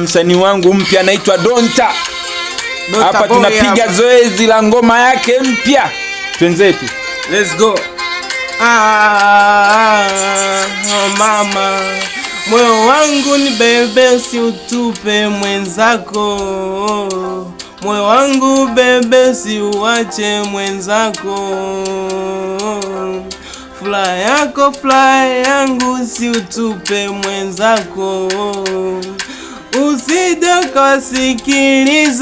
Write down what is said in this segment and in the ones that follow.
Msanii wangu mpya anaitwa Donta. Hapa tunapiga zoezi la ngoma yake mpya, twenzetu, let's go. Ah, oh mama, moyo wangu ni bebe, usiutupe mwenzako. Moyo wangu bebe, si uache mwenzako. Furaha yako furaha yangu, si utupe mwenzako Usije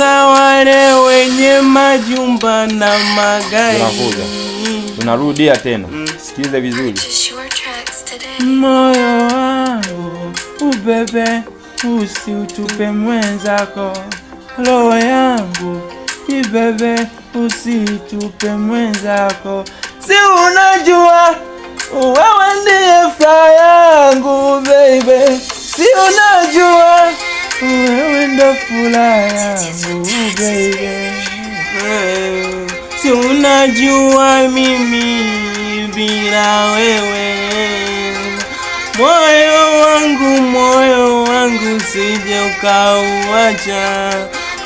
wale wenye majumba na magari. Tunarudia tena. Mm. Sikize vizuri. Moyo wangu ubebe, usiutupe mwenzako. Roho yangu ibebe, usitupe mwenzako. Si unajua wewe ndiye furaha yangu wonderful I am, oh baby, si unajua mimi bila wewe moyo wangu moyo wangu sije ukauacha,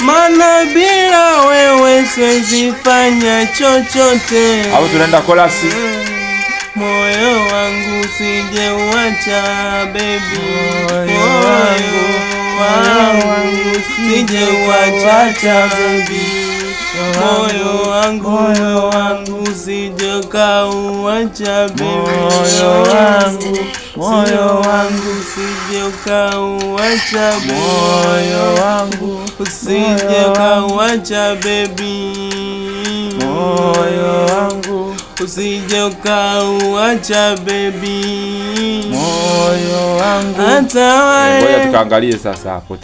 mana bila wewe siwezi fanya chochote. Au tunaenda kolasi moyo wangu sije uacha baby, moyo wangu wangu sije wachacha bebi, moyo wangu moyo wangu sije kauacha moyo wangu moyo wangu sije kauacha moyo wangu sije kauacha bebi usije ukauacha baby moyo wangu hata Ngoja tukaangalie sasa hapo.